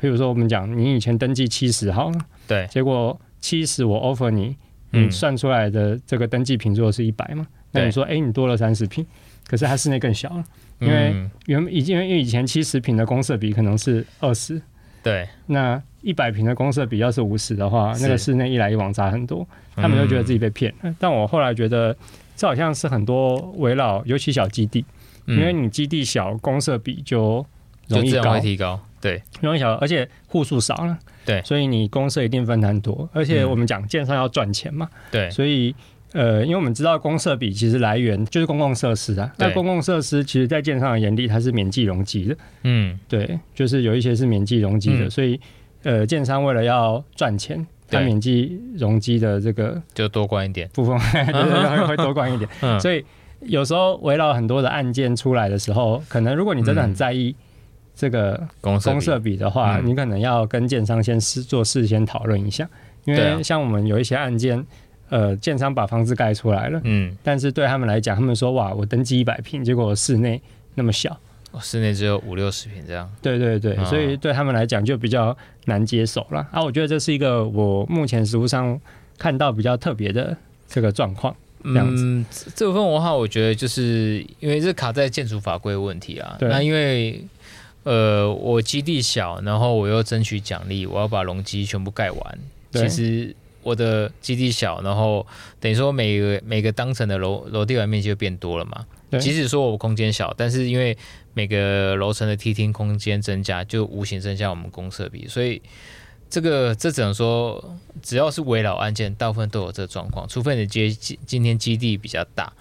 譬如說我們講你以前登記七十好了。對。結果七十我 offer 你。嗯、你算出來的這個登記坪數是一百嘛？那你說，哎、欸，你多了三十坪，可是它室內更小了，因為原以、嗯、因為以前七十坪的公設比可能是二十，對，那一百坪的公設比要是五十的話，那個室內一來一往差很多，他們都覺得自己被騙了、嗯。但我後來覺得，這好像是很多圍繞尤其小基地、嗯，因為你基地小，公設比就容易高，提高對，容易小，而且戶數少了。對，所以你公設一定分攤多，而且我們講建商要賺錢嘛、嗯，對，所以呃，因為我們知道公設比其實來源就是公共設施啊，那公共設施其實，在建商的眼裡，它是免計容積的，嗯，對，就是有一些是免計容積的、嗯，所以呃，建商為了要賺錢，他免計容積的這個就多灌一點部分 會多灌一點， 所以有時候危老很多的案件出來的時候，可能如果你真的很在意。嗯這個公設比的話比、嗯，你可能要跟建商先做事先討論一下，因為像我們有一些案件，呃，建商把房子蓋出來了，嗯，但是對他們來講，他們說，哇，我登記一百坪，結果室內那麼小，哦、室內只有五六十坪這樣，對對對，嗯，所以對他們來講就比較難接受了啊。我覺得這是一個我目前實務上看到比較特別的這個狀況。子、嗯、這部分文化，我覺得就是因為這卡在建築法規的問題啊，對那因為呃，我基地小，然後我又爭取獎勵，我要把容積全部蓋完。其實我的基地小，然後等於說每個每個當層的樓樓地板面積就變多了嘛。即使說我空間小，但是因為每個樓層的梯廳空間增加，就無形增加我們公設比。所以這個這只能說，只要是危老案件，大部分都有這個狀況，除非你接今今天基地比較大，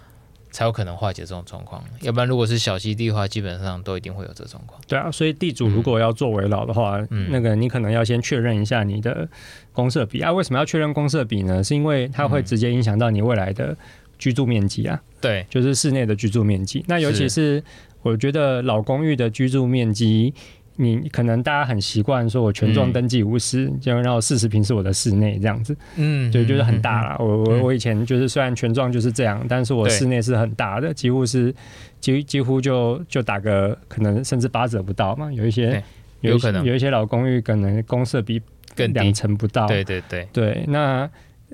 才有可能化解這種狀況，要不然如果是小基地的話，基本上都一定會有這種狀況。對啊，所以地主如果要做危老的話，嗯，那個你可能要先確認一下你的公設比啊。為什麼要確認公設比呢？是因為它會直接影響到你未來的居住面積啊，嗯。對，就是室內的居住面積。那尤其是我覺得老公寓的居住面積。你可能大家很習慣說，我權狀登記五十、嗯、就然後四十坪是我的室內，這樣子，嗯，對，就是很大了、嗯。我我我以前就是雖然權狀就是這樣，嗯，但是我室內是很大的，幾乎是幾幾乎就就打個可能甚至八折不到嘛。有一些有可能，有一些老公寓可能公設比兩成不到，對對對對，那。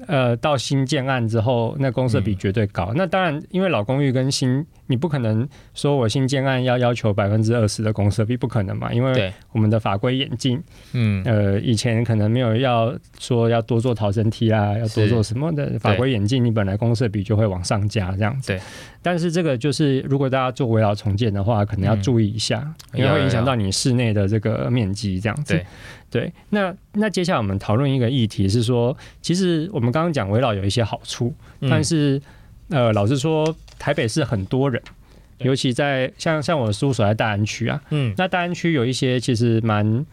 呃，到新建案之後，那公設比絕對高。嗯、那當然，因為老公寓跟新，你不可能說我新建案要要求百分之二十的公設比，不可能嘛，因為我們的法規演進，嗯，呃，以前可能沒有要說要多做逃生梯啊，要多做什麼的法規演進。你本來公設比就會往上加這樣子。但是這個就是，如果大家做危老重建的話，可能要注意一下，因、嗯、為會影響到你室內的這個面積這樣子。對，那那接下來我們討論一個議題是說，其實我們剛剛講危老有一些好處，但是、嗯、呃，老實說，台北市很多人，尤其在像像我叔叔所在大安區啊，嗯，那大安區有一些其實蠻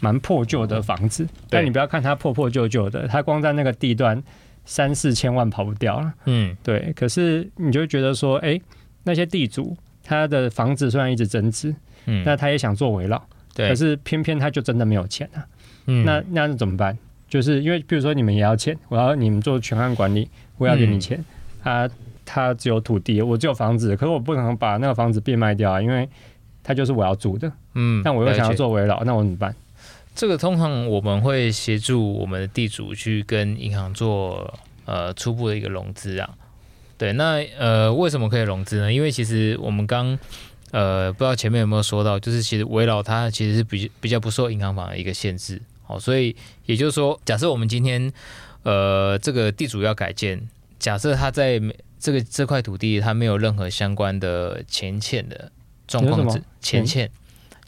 蠻破舊的房子、嗯，但你不要看它破破舊舊的，它光在那個地段三四千萬跑不掉了、啊，嗯，對。可是你就覺得說，哎、欸，那些地主他的房子雖然一直增值，嗯，但他也想做危老。對，可是偏偏他就真的沒有錢啊，嗯、那那怎麼辦？就是因為比如說你們也要錢，我要你們做全案管理，我要給你錢，他、嗯啊、他只有土地，我只有房子，可是我不能把那個房子變賣掉啊，因為他就是我要住的。嗯，那我又想要做危老，那我怎麼辦？這個通常我們會協助我們的地主去跟銀行做呃初步的一個融資啊。對，那呃為什麼可以融資呢？因為其實我們剛。呃，不知道前面有沒有說到，就是其實危老它其實是比比較不受銀行方的一個限制，好，哦，所以也就是說，假設我們今天呃這個地主要改建，假設它在這個這塊土地它沒有任何相關的錢欠的狀況，錢欠、嗯，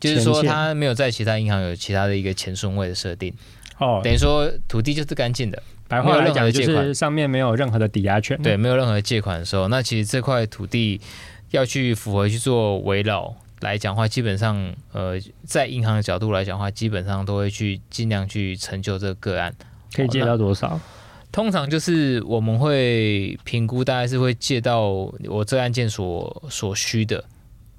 就是說它沒有在其他銀行有其他的一個前順位的設定，哦，等於說土地就是乾淨的，白話來講，任何的借款，就是，上面沒有任何的抵押權，嗯、對，沒有任何的借款的時候，那其實這塊土地。要去符合去做危老來講的話，基本上，呃，在銀行的角度來講的話，基本上都會去盡量去成就這個個案，可以借到多少？通常就是我們會評估，大概是會借到我這個案件所所需的。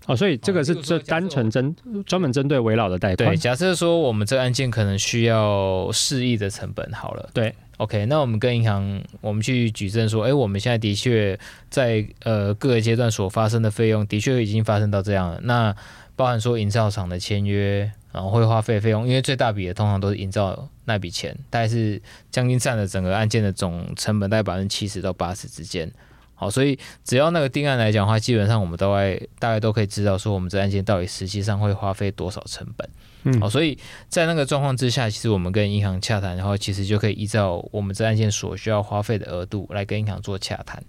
哦，所以這個是這單純針專門針對危老的貸款。對，假設說我們這個案件可能需要四億的成本好了。對，OK，那我們跟銀行，我們去舉證說，哎、欸，我們現在的確在呃各個階段所發生的費用，的確已經發生到這樣了。那包含說營造廠的簽約，然後會花費費用，因為最大筆的通常都是營造那筆錢，大概是將近占了整個案件的總成本大概百分之七十到八十之間。好，所以只要那個定案來講的話，基本上我們大概大概都可以知道說，我們這案件到底實際上會花費多少成本。嗯，好，所以在那個狀況之下，其實我們跟銀行洽談的話，其實就可以依照我們這案件所需要花費的額度來跟銀行做洽談。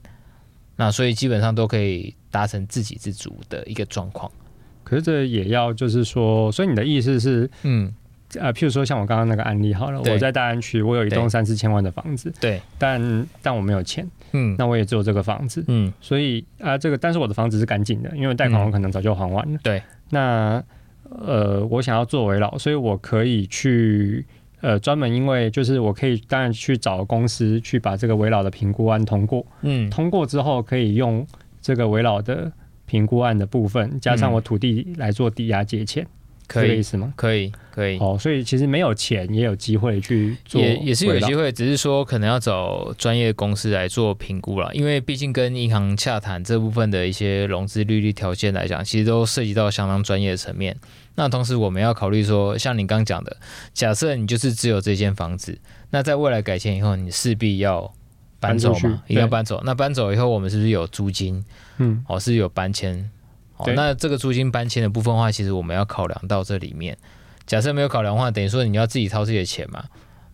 那所以基本上都可以達成自給自足的一個狀況。可是這也要就是說，所以你的意思是，嗯，啊、呃，譬如說像我剛剛那個案例好了，我在大安區，我有一棟三四千萬的房子，對，但但我沒有錢。嗯，那我也只有這個房子，嗯，所以啊、呃，這個但是我的房子是乾淨的，因為貸款我可能早就還完了。嗯、對，那呃，我想要做圍繞，所以我可以去呃專門，因為就是我可以當然去找公司去把這個圍繞的評估案通過，嗯，通過之後可以用這個圍繞的評估案的部分加上我土地來做抵押借錢。嗯可以是、這個、嗎？可以，可以。好、哦，所以其實沒有錢也有機會去做，也也是有機會，只是說可能要找專業公司來做評估了。因為畢竟跟銀行洽談這部分的一些融資利率條件來講，其實都涉及到相當專業的層面。那同時我們要考慮說，像你剛講的，假設你就是只有這間房子，那在未來改建以後，你勢必要搬走嘛。一定要搬走。那搬走以後，我們是不是有租金？嗯，哦，是，是有搬遷。哦，那這個租金搬遷的部分的話，其實我們要考量到這裡面。假設沒有考量的話，等於說你要自己掏這些錢嘛。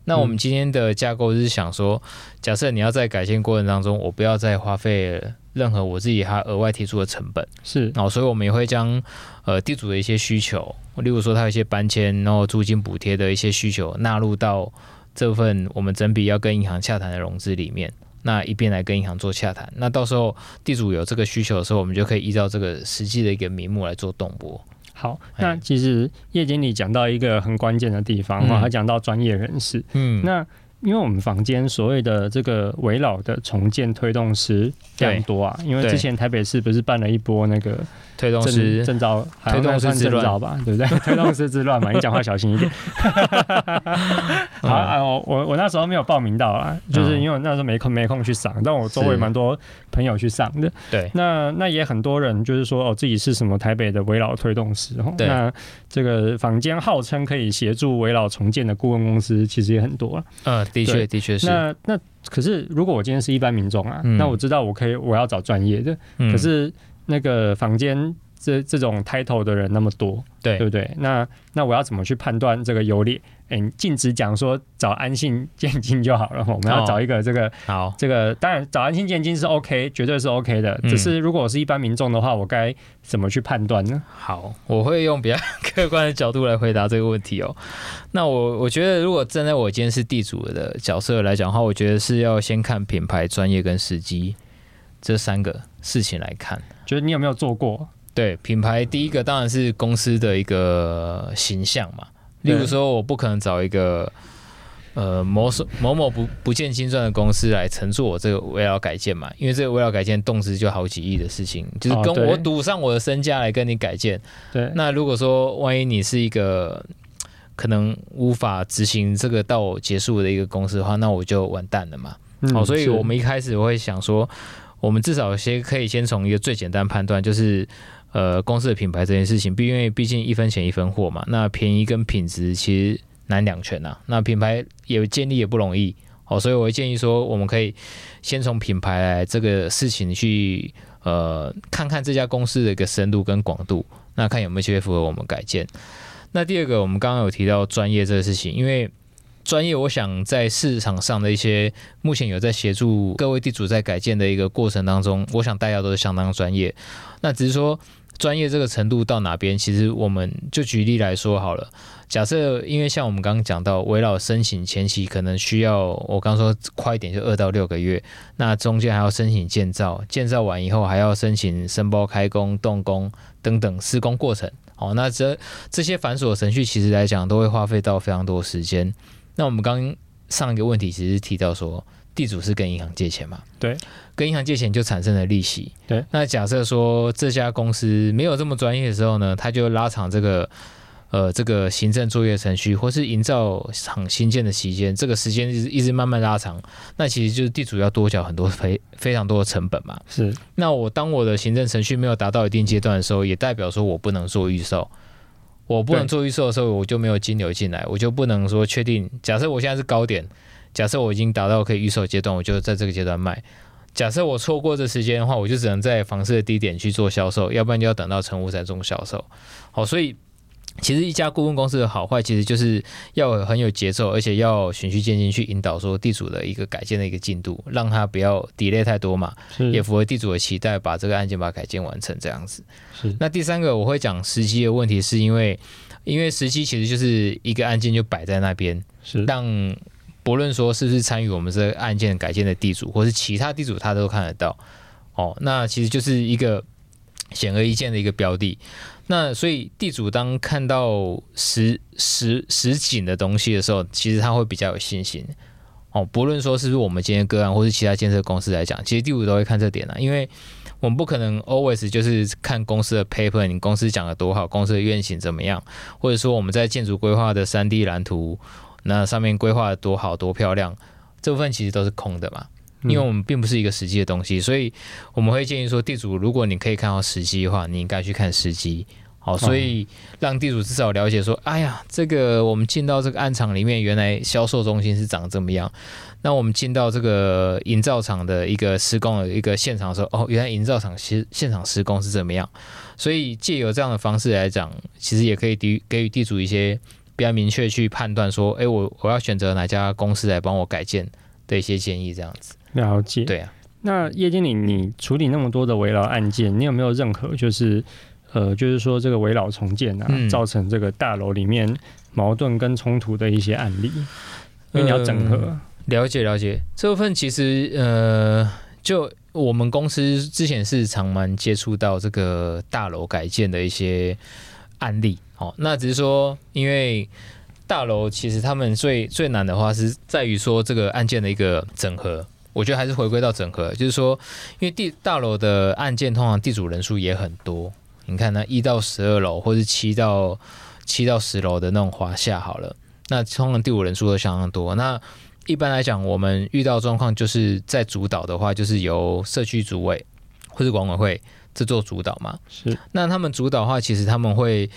那我們今天的架構就是想說，假設你要在改建過程當中，我不要再花費任何我自己還額外提出的成本。是，然後哦，所以我們也會將呃地主的一些需求，例如說他有一些搬遷，然後租金補貼的一些需求，納入到這份我們整筆要跟銀行洽談的融資裡面。那一邊來跟銀行做洽談，那到時候地主有這個需求的時候，我們就可以依照這個實際的一個名目來做動撥。好，那其實葉經理講到一個很關鍵的地方的話、嗯、他講到專業人士，嗯，那。因為我們坊間所謂的這個危老的重建推動師非常多啊，因為之前台北市不是辦了一波那個推動師證照，推動師證照吧，對不對？推動師之亂嘛，你講話小心一點。好啊，我我那時候沒有報名到啊，就是因為那時候沒空沒空去上，但我周圍蠻多朋友去上的。對，那那也很多人就是說哦，自己是什麼台北的危老推動師哦。對，那這個坊間號稱可以協助危老重建的顧問公司，其實也很多啊。嗯、呃。的確，的確，是那那可是，如果我今天是一般民眾啊、嗯，那我知道我可以，我要找專業的、嗯，可是那個房間。這這種 title 的人那麼多，對，對不對？那那我要怎麼去判斷這個優劣？嗯，禁止講說找安信建經就好了。我們要找一個這個好、oh. 這個 oh. 這個，當然找安信建經是 OK，絕對是 OK 的、嗯。只是如果我是一般民眾的話，我該怎麼去判斷呢？嗯、好，我會用比較客觀的角度來回答這個問題哦。 那我我覺得，如果站在我今天是地主的角色來講的話，我覺得是要先看品牌、專業跟時機這三個事情來看。覺得你有沒有做過？對品牌，第一個當然是公司的一個形象嘛。例如說，我不可能找一個呃某某某不不見經傳的公司來承做我這個危老改建嘛，因為這個危老改建動輒就好幾億的事情，就是跟我賭上我的身家來跟你改建，哦。對，那如果說萬一你是一個可能無法執行這個到我結束的一個公司的話，那我就完蛋了嘛。好、嗯哦，所以我們一開始我會想說，我們至少先可以先從一個最簡單判斷就是。呃，公司的品牌這件事情，畢因為畢竟一分錢一分貨嘛，那便宜跟品質其實難兩全吶、啊。那品牌也建立也不容易，哦，所以我會建議說，我們可以先從品牌來這個事情去，呃，看看這家公司的一個深度跟廣度，那看有沒有機會符合我們改建。那第二個，我們剛剛有提到專業這個事情，因為專業，我想在市場上的一些目前有在協助各位地主在改建的一個過程當中，我想大家都是相當專業，那只是說。專業這個程度到哪邊？其實我們就舉例來說好了。假設因為像我們剛剛講到，危老申請前期可能需要，我剛剛說快一點就二到六個月，那中間還要申請建造，建造完以後還要申請申報開工、動工等等施工過程。好，那這這些繁瑣程序其實來講都會花費到非常多時間。那我們剛上一個問題其實提到說。地主是跟銀行借錢嘛。對，跟銀行借錢就產生了利息。對，那假設說，這家公司沒有這麼專業的時候呢，他就拉長這個呃這個行政作業程序，或是營造廠新建的期間，這個時間一直一直慢慢拉長，那其實就是地主要多繳很多非非常多的成本嘛。是。那我當我的行政程序沒有達到一定階段的時候，嗯，也代表說我不能做預售，我不能做預售的時候，我就沒有金流進來，我就不能說確定。假設我現在是高點。假設我已經達到可以預售階段，我就在這個階段賣。假設我錯過這時間的話，我就只能在房市的低點去做銷售，要不然就要等到成屋才做銷售。好，所以其實一家顧問公司的好壞，其實就是要很有節奏，而且要循序漸進去引導說地主的一個改建的一個進度，讓他不要 delay 太多嘛，也符合地主的期待，把這個案件把它改建完成這樣子。是。那第三個我會講時機的問題，是因為因為時機其實就是一個案件就擺在那邊，是讓。不論說是不是參與我們這個案件改建的地主，或是其他地主，他都看得到哦。那其實就是一個顯而易見的一個標的。那所以地主當看到實實實景的東西的時候，其實他會比較有信心哦。不論說是不是我們今天個案，或是其他建設公司來講，其實地主都會看這點啊。因為我們不可能 always 就是看公司的 paper，你公司講的多好，公司的願景怎麼樣，或者說我們在建築規劃的三 D 藍圖。那上面規劃的多好多漂亮，這部分其實都是空的嘛，因為我們並不是一個實際的東西，嗯、所以我們會建議說，地主如果你可以看到實際的話，你應該去看實際。好，所以讓地主至少了解說，嗯、哎呀，這個我們進到這個案場裡面，原來銷售中心是長怎麼樣？那我們進到這個營造廠的一個施工的一個現場的時候，哦，原來營造廠現現場施工是怎麼樣？所以借由這樣的方式來講，其實也可以給給予地主一些。比較明確去判斷說，哎、欸，我我要選擇哪家公司來幫我改建的一些建議，這樣子了解。對啊，那葉經理，你處理那麼多的危老案件，你有沒有任何就是呃，就是說這個危老重建啊、嗯，造成這個大樓裡面矛盾跟衝突的一些案例？嗯、因為你要整合、嗯、了解了解這部分，其實呃，就我們公司之前是常蠻接觸到這個大樓改建的一些。案例，好，那只是說，因為大樓其實他們最最難的話是在於說這個案件的一個整合，我覺得還是回歸到整合，就是說，因為地大樓的案件通常地主人數也很多，你看那一到十二樓，或是七到七到十樓的那種華廈好了，那通常地主人數都相當多，那一般來講，我們遇到狀況就是在主導的話，就是由社區主委或是管委會。這做主導嘛，是那他們主導的話，其實他們會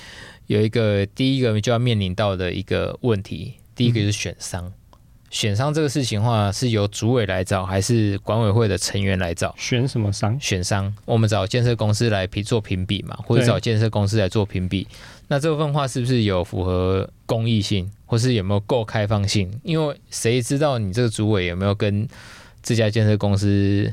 有一個第一個就要面臨到的一個問題，第一個就是選商。嗯、選商這個事情的話，是由主委來找，還是管委會的成員來找？選什麼商？選商，我們找建設公司來做評比嘛，或者找建設公司來做評比。那這份話是不是有符合公益性，或是有沒有夠開放性？因為誰知道你這個主委有沒有跟這家建設公司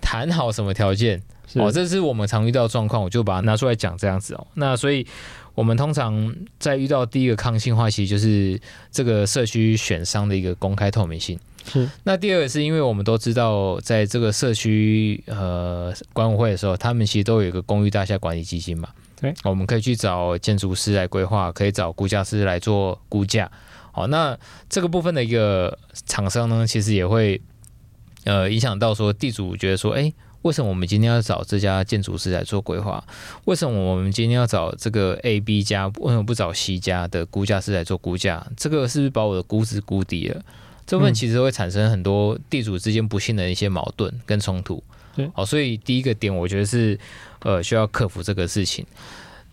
談好什麼條件？哦，這是我們常遇到的狀況，我就把它拿出來講這樣子哦。那所以，我們通常在遇到第一個抗性的話，其實就是這個社區選商的一個公開透明性。是。那第二個是因為我們都知道，在這個社區呃管委會的時候，他們其實都有一個公寓大廈管理基金嘛。對。我們可以去找建築師來規劃，可以找估價師來做估價。好、哦，那這個部分的一個廠商呢，其實也會呃影響到說地主覺得說，哎、欸。為什麼我們今天要找這家建築師來做規劃？為什麼我們今天要找這個 A、B 家？為什麼不找 C 家的估價師來做估價？這個是不是把我的估值估低了？這部分其實會產生很多地主之間不幸的一些矛盾跟衝突。嗯。好，所以第一個點，我覺得是呃需要克服這個事情。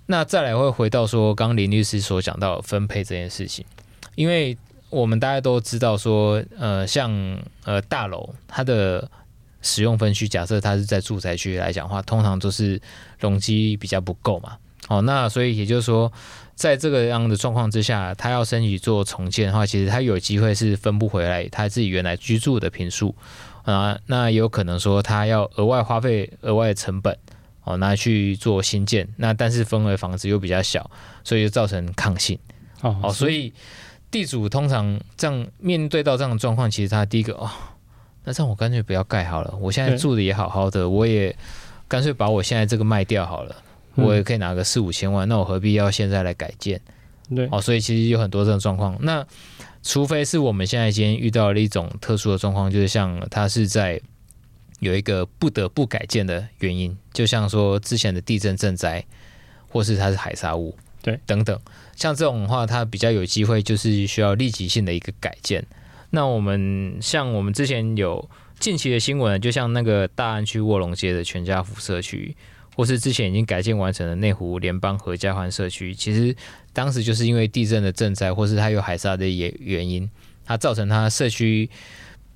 那再來會回到說，剛林律師所講到分配這件事情，因為我們大家都知道說，呃，像呃大樓它的。使用分區，假設他是在住宅區來講的話，通常都是容積比較不夠嘛。哦，那所以也就是說，在這個樣的狀況之下，他要申請做重建的話，其實他有機會是分不回來他自己原來居住的坪數啊。那也有可能說他要額外花費額外的成本哦，拿去做新建。那但是分回房子又比較小，所以就造成抗性哦。哦。所以地主通常這樣面對到這樣的狀況，其實他第一個哦。那這樣我乾脆不要蓋好了，我現在住的也好好的，我也乾脆把我現在這個賣掉好了。嗯，我也可以拿個四五千萬，那我何必要現在來改建？對，哦，所以其實有很多這種狀況，那除非是我們現在今天遇到了一種特殊的狀況，就是像它是在有一個不得不改建的原因，就像說之前的地震震災，或是它是海砂屋，對，等等，像這種的話，它比較有機會就是需要立即性的一個改建。那我們像我們之前有近期的新聞，就像那個大安區臥龍街的全家福社區，或是之前已經改建完成的內湖聯邦合家歡社區，其實當時就是因為地震的震災，或是它有海砂的原原因，它造成它社區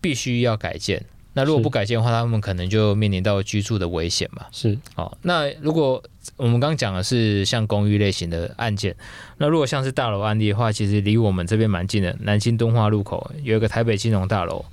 必須要改建。那如果不改建的話，他們可能就面臨到居住的危險嘛。是，哦，那如果我們剛講的是像公寓類型的案件，那如果像是大樓案例的話，其實離我們這邊蠻近的，南京敦化路口有一個台北金融大樓，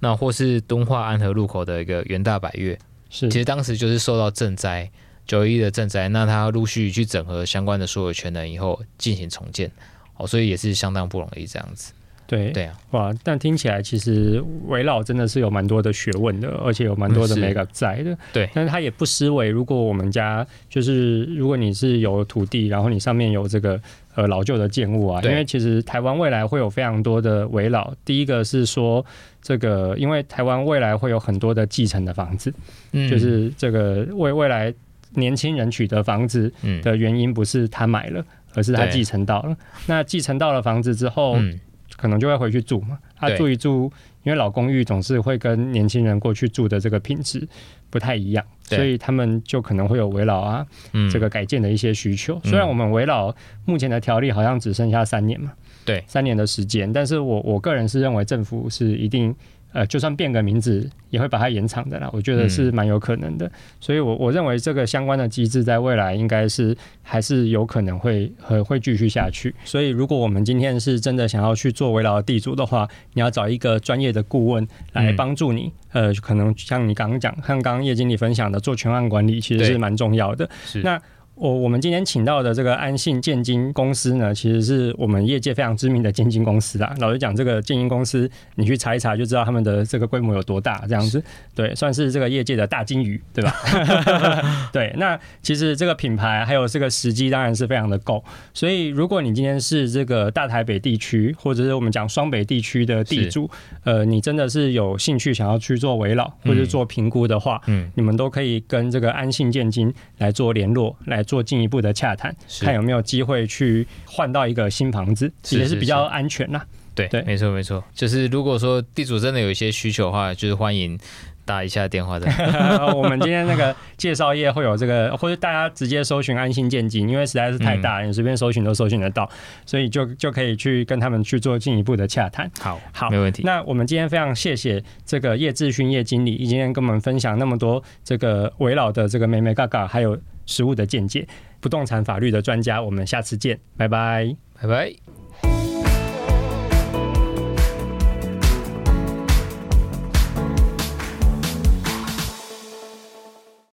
那或是敦化安和路口的一個元大百悅。是，其實當時就是受到震災，九一一的震災，那他陸續去整合相關的所有權人以後進行重建，哦，所以也是相當不容易這樣子。對對啊，哇！但聽起來其實圍老真的是有蠻多的學問的，而且有蠻多的美 e 在的。對，但是他也不失為，如果我們家就是如果你是有土地，然後你上面有這個呃老舊的建物啊，因為其實台灣未來會有非常多的圍老。第一個是說，這個因為台灣未來會有很多的繼承的房子，嗯、就是這個為未，未來年輕人取得房子的原因，不是他買了，嗯、而是他繼承到了。那繼承到了房子之後，嗯可能就會回去住嘛，他、啊、住一住，因為老公寓總是會跟年輕人過去住的這個品質不太一樣，所以他們就可能會有危老啊、嗯，這個改建的一些需求。雖然我們危老目前的條例好像只剩下三年嘛，對、嗯，三年的時間，但是我我個人是認為政府是一定。呃，就算變個名字，也會把它延長的啦。我覺得是蠻有可能的，嗯、所以我，我我認為這個相關的機制在未來應該是還是有可能會會會繼續下去。嗯、所以，如果我們今天是真的想要去做危老的地主的話，你要找一個專業的顧問來幫助你。嗯、呃，可能像你剛剛講，像剛剛葉經理分享的，做全案管理其實是蠻重要的。是那。是我我們今天請到的這個安信建經公司呢，其實是我們業界非常知名的建經公司啊。老實講，這個建經公司，你去查一查就知道他們的這個規模有多大，這樣子，對，算是這個業界的大鯨魚，對吧？ 對。那其實這個品牌還有這個時機，當然是非常的夠。所以，如果你今天是這個大台北地區，或者是我們講雙北地區的地主，呃，你真的是有興趣想要去做危老或者做評估的話，嗯，你們都可以跟這個安信建經來做聯絡，嗯、來。做進一步的洽談，看有沒有機會去換到一個新房子，是是是也是比較安全吶、啊。對對，沒錯沒錯，就是如果說地主真的有一些需求的話，就是歡迎打一下電話的。 我們今天那個介紹頁會有這個，或者大家直接搜尋安信建經，因為實在是太大，嗯、你隨便搜尋都搜尋得到，所以就就可以去跟他們去做進一步的洽談。好好，沒問題。那我們今天非常謝謝這個葉智勳葉經理，今天跟我們分享那麼多這個危老的這個眉眉角角，還有。實務的見解，不動產法律的專家，我們下次見，拜拜，拜拜。